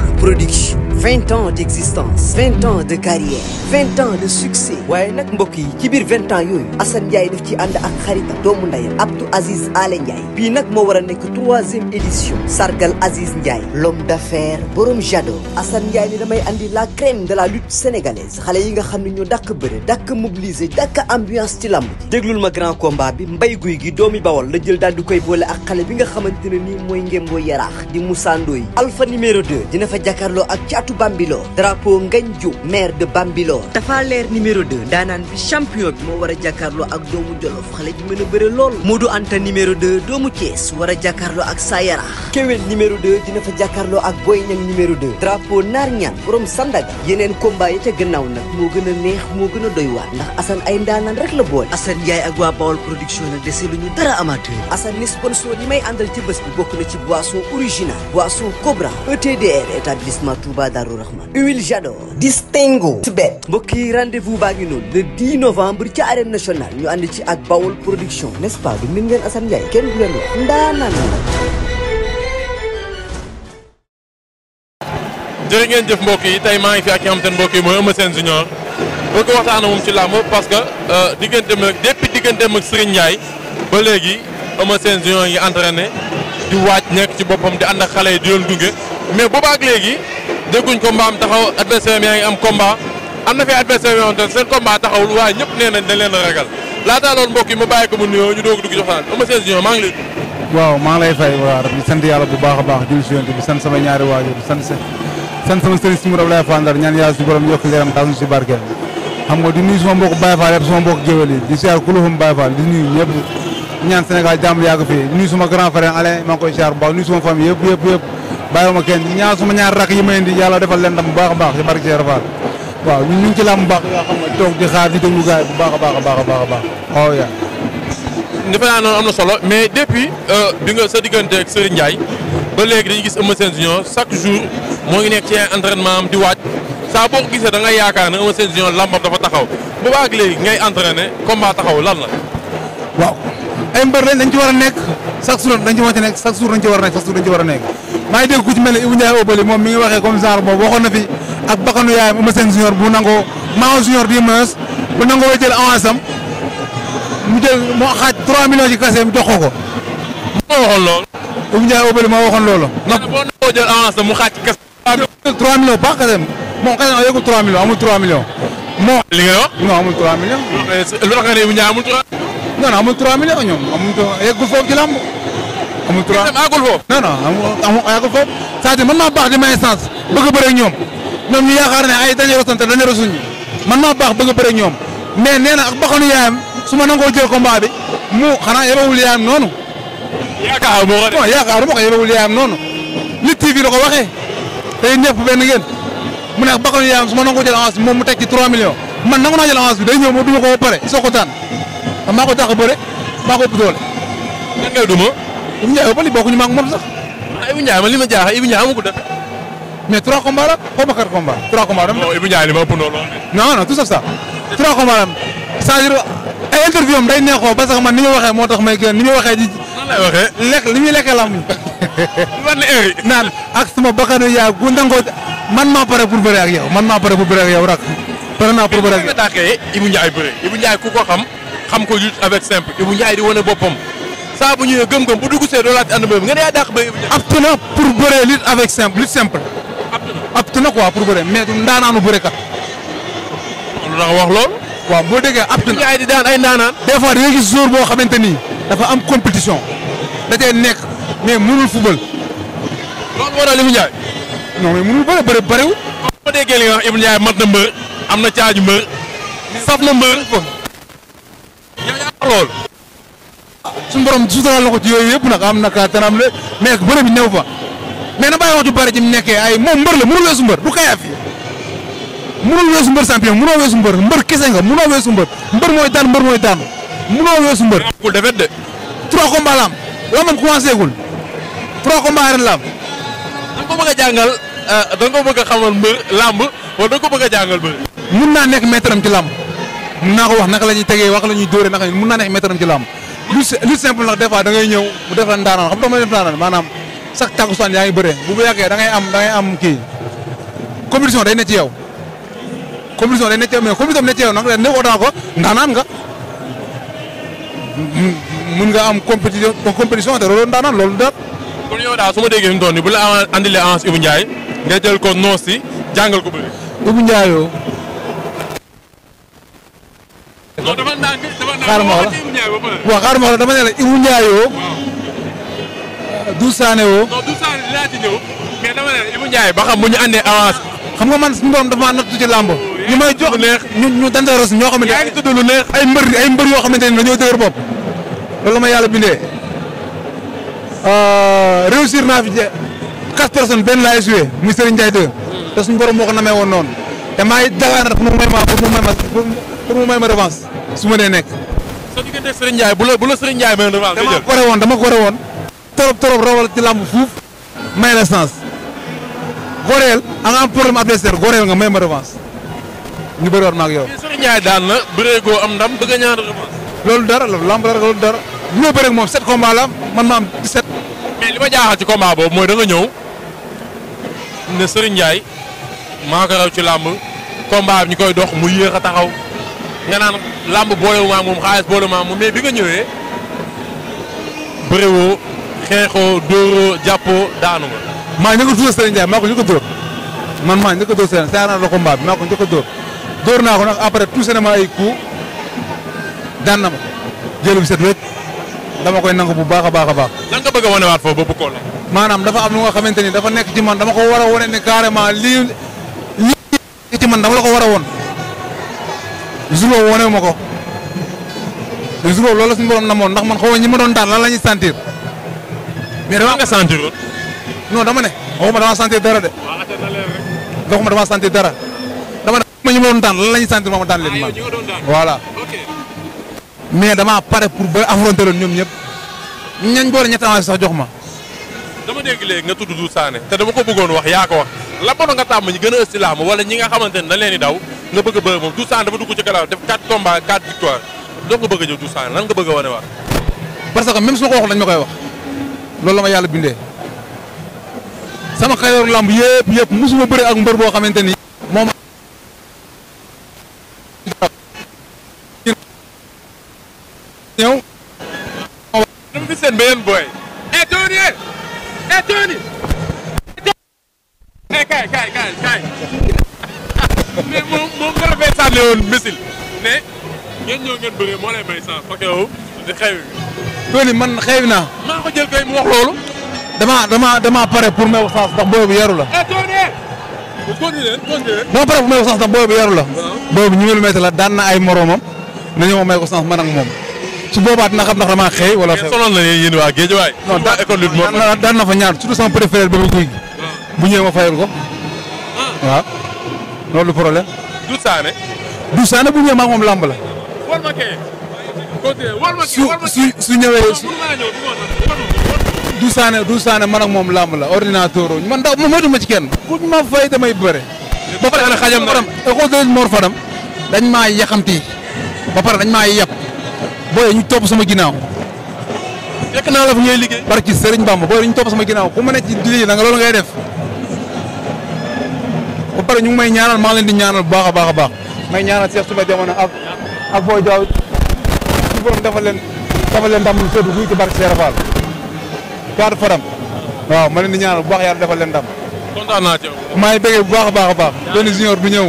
Baol Production 20 ans d'existence 20 ans de carrière 20 ans de succès waaye nag mbokk yi ci biir 20 ans yooyu Assane Ndiaye daf ci ànd ak xarita doomu ndayam Abdou Aziz Ale Ndiaye bii nag moo war a nekk troisième édition sargal Aziz Ndiaye l'homme d'affaires borom jado Assane Ndiaye ni damay indi la crème de la lutte sénégalaise xale yi nga xam ne ñoo dàkk bëre dàkk mobiliser dàkk ambiance ci lamb ji déglul ma grand combat bi mbay guy gi doomi Baol la jël daal du koy boole ak xale bi nga xamante ne nii mooy ngémboo yaraax di Moussa Ndoye dafa jàkkaarloo ak caatu Bambilor drapeau Ngagne Diouf maire de Bambilor dafa leer numéro 2 daanaan bi champion bi moo war a jàkkaarloo ak doomu Jolof xale bi mën a bëre lool du Anta numéro 2 doomu Thiès war a jàkkaarloo ak Sayara Kewel numéro 2 dina fa jàkkarloo ak Boy Niang numéro 2 drapeau Naar Ñaan borom Sandaga yeneen combat yi ca gannaaw nag moo gën a neex moo gën a doy waar ndax Assane ay ndaanaan rek la boole Assane Ndiaye ak waa Bawol production nag dese lu ñu dara amateur Assane ni sponsor yi may àndal ci bés bi bokk na ci boisson original boisson Cobra ETDR établissement Touba Darou Rahman huile Jador distingo Sibet yi rendez-vous baa ci arène nationale ñu ànd ci ak Bawol production n'est-ce pas du ngeen Assane mbokk yi tey maa fi ak yoo xam te ne mbokk yi mooy Eumeu Sène Junior bëgg moom ci làmb parce que euh, digganteem ak depuis digganteem ak ba léegi Eumeu Sène Junior ngi entraîné di waaj nekk ci boppam di ànd ak xale yi di leen gunge mais boobaak léegi dégguñ ko mbaam taxaw adversaire yaa ngi am combat am na fi adversaire yoo xamante ne seen combat taxawul waaye ñëpp nee nañ dañ a ragal laataa loolu mbokk yi ma bàyyi ko mu nuyoo ñu doog dugg joxtaan Eumeu Sène Junior maa ngi lay. waaw maa lay fay waa di sant yàlla bu baax a baax julli si yonent bi sama ñaari waajur di sama sëriñ si mu Abdoulaye Fandar ñaan yàlla borom yokk leeram taas si barkeel xam nga di nuyu sama mbokk Baye Fall yëpp sama mbokk géwél yi bàyyi ma kenn ñaar suma ñaar rakk yi ma indi yàlla defal leen ndam bu baax a baax ci barke Cheikh Fall waaw ñu ngi ci làmb baax yoo xam ne toog di xaar di déglu gaay bu baax baax a baax a baax a oh, defe naa noonu am na solo mais depuis euh, bi nga sa diggante ak Serigne Ndiaye ba léegi dañu gis Eumeu Sène Junior chaque jour moo ngi nekk ci entraînement am di waaj saa boo ko gisee da nga yaakaar ne Eumeu Sène Junior làmbam dafa taxaw bu baax léegi ngay entraîné combat taxaw lan la waaw ay mbër lañ ci war a nekk chaque jour dañ ci war a nekk ci war a nekk chaque jour dañ ci Obali moom mi ngi waxee comme genre boobu fi ak bakkanu yaayam Eumeu Sène junior bu nangoo Mahone junior di mees bu nangoo jël avance mu xaaj 3 millions ci kase mu jox ko ko. moo waxoon loolu. Ibou Ndiaye Obali moo waxoon loolu. ndax boo nangoo jël avance am mu xaaj ci kase. 3 millions baax kase moom kase yëgul 3 millions amul 3 millions. moo li nga non non amul 3 millions ñoom amul yeggul foofu ci lamb amul 3 millions agul foofu. non non amul agul foofu c'est-à-dire man maa baax di may essence bëgg a bëre ak ñoom ñoom ñu yaakaar ne ay dañuy rosante dañuy rosuñu man maa baax bëgg a bëre ak ñoom mais nee na ak baxanu yaayam su ma nangoo jël combat bi mu xanaa yebewul yaayam noonu. yaakaar moo ko de. bon yaakaar moo ko yebewul yaayam noonu li TV la ko waxee tey ñëpp benn ngeen mu ne ak baxanu yaayam su ma nangoo jël avance bi moom mu teg ci 3 millions man nangu naa jël avance bi day ñëw ma duma ko ba pare soo ko tànn Ah, maa ko tax a bëre maa ko ëpp doole. nan ngay duma. Ibou ba li bokkuñu ma ak moom sax. ah Ibou Ndiaye man li ma jaaxal Ibou ko def. mais 3 combats la xaw ma 4 combats. 3 combats dama. non Ibou ma ëpp noonu. non non tout sauf ça 3 combats am cest à day neexoo parce que man ni ma waxee moo tax may gën ni ma waxee ji. lekk li muy lekkee la heure yi. naan ak suma bakkanu yaa gu nangoo man maa pare pour bëre ak yow man maa pare pour bëre ak yow rak pare naa pour bëre ak yow. mais bu ñu ko tàkkee Ibou Ndiaye ku ko xam xam ko lutte avec simple bu Ndiaye di wane boppam saa bu ñëwee gëm-gëm bu dugg see doo laaj ànd mbéy mi nga ne yaa dàq ba Ibou Ndiaye. apte na pour bëree lutte avec simple lutte simple. apte na quoi wax loolu. waaw boo déggee apte na des fois da ngay gis jour boo xamante ni dafa am compétition da nekk mais mënul football. loolu moo daal Ibou Ndiaye. non mais mënul bëre wax Ibou Ndiaye mat mbër am na caaju mbër saf na mbër loolu. suñu borom suutaral na ko ci yooyu yëpp nag am na kaat am le mais bëre bi néew fa mais na bàyyi wax ju ji mu nekkee ay moom mbër la mënul weesu mbër du kayaaf yi mënul weesu mbër champion mënoo weesu mbër mbër kese nga mënoo weesu mbër mbër mooy daan mbër mooy daan mbër. amul defet de. trois combats la a jàngal euh, da nga ko bëgg a xamal mbër làmb wala mbër. mun naa nekk maître am ci mun naa ko wax naka la ñuy tegee wax la ñuy dóoree naka mun naa nekk maître am ci làmb lu simple nag des fois ngay ñëw mu def la ndaanaan xam nga ma def ndaanaan maanaam sax tàkkusaan yaa ngi bëree bu bu yàggee da ngay am da ngay am kii compétition day ne ci yow compétition day ne ci yow mais compétition ne ci yow nag ne ko daa ko ndaanaan nga am compétition compétition te loolu ndaanaan loolu daal kon yow daal su ma déggee fi mu toll nii bu la andilee avance Ibou nga jël ko noos si jàngal ko bëri Ibou Ndiaye non dafa ndànk xaaral ma la waaw dama ne la Ibou Ndiaye woo. Doudou Sané dama ne la Ibou ba xam bu ñu andee avance. xam nga man suñu borom dafa maa nattu ci làmb oh, ñu may jox neex ñu ñu dantaros ñoo xamante yaa neex ay mbër ay mbër yoo xamante ne dañoo dëgër bopp loolu ma yàlla bindee euh, réussir naa fi je quatre personnes benn laay suwe muy Serigne Ndiaye 2 hmm. te suñu borom moo ko namee woon noon te maa ngi jagaar pour mu may ma pour mu may su ma nee nekk. soo diggante Serigne Ndiaye bu la bu may revanche nga dama gore woon dama gore woon. torop torop rawal ci làmb fuuf may la chance goreel a nga am problème adversaire goreel nga may ma revanche ñu bëri woon ma ak yow. a ñaan loolu dara la dara loolu dara bu ma bëreeg moom sept combat man ma am dix-sept. mais li ma jaaxal ci combat boobu mooy da nga ñëw ne Serigne maa ko raw ci làmb. combat bi ñu koy dox mu yéex a taxaw nga naan làmb boolewumaa moom xaalis boolewumaa moom mais bi nga ñëwee bërewoo xeexoo dóoroo jàppoo daanu nga. maa njëkk a dóor Serigne Ndiaye maa ko njëkk a dóor a dóor Serigne saa naa la combat bi maa ko ko na dama koy nangu bu baax a baax a baax. lan nga bëgg a foofu ba bu ko maanaam dafa am lu nga xamante ni dafa nekk ci dama ko war a wane ne carrément lii. ma dama la ko war a woon Zulu woonewu ma ko te Zulu loolu la suñu borom namoon ndax man xaw ma ñi ma doon daan lan la ñuy sentir. mais dama nga sentir non dama ne waxuma dama sentir dara de. waaw ma dama sentir dara dama ne ñi ma doon daan lan la ñuy sentir ma ma daan leen man voilà. mais dama pare pour ba affronter leen ñoom ñëpp ñañ boole ñetti avance sax jox ma. dama dégg léegi nga tudd Doudou Sané te dama ko bëggoon wax yaa wax. la bon nga tàmm ñi gën a ës ci làmb wala ñi nga xamante ne dañ leen di daw nga bëgg a bëri moom Doussane dafa dugg ci galaaw def 4 combats 4 victoires donc nga bëgg a jël Doussane lan nga bëgg wane waat parce que même su ma ko waxul koy wax loolu la ma yàlla bindee sama xayoor làmb yëpp yëpp mosuma bëri ak mbër boo xamante ni man xew naa. maa ko jël dama pare pour meew sens ndax booy bu la. Eh, booy bu ñu ngi lu la daan na ay moromam nañu ma may ko sens man ak moom. su boobaa xam ndax damaa xëy wala. xëy sonal na yéen waa géej daan na fa ñaar surtout sama préféré ba muy ah. bu ñëwee ma fayal ko. Ah. waaw loolu problème. Doudou Sané. Doudou Sané moom lamb la. su su su ñëwee du saane du saane man ak moom làmb la ordinateur man daaw moytu ma ci kenn kuñ ma fay damay bëre. ba pare xajam na xool Mor Fadam dañ maa yaxamti ba pare dañ maa yàpp booy ñu topp sama ginnaaw. fekk naa la fu ñuy liggéey. barki Serigne Bamba booy ñu topp sama ginnaaw ku ma ne ci liggéey na nga loolu ngay def ba pare ñu may ñaanal maa leen di ñaanal bu baax a baax a baax may ñaanal Cheikh Souba jamono ak ak suñu borom dafa leen dafa leen ndam lu sedd guy ci barke Serigne Fall Kaatu Fadam waaw ma leen di ñaanal bu baax yàlla dafa leen ndam. maa ngi bëggee bu baax a baax a baax. benn junior du ñëw.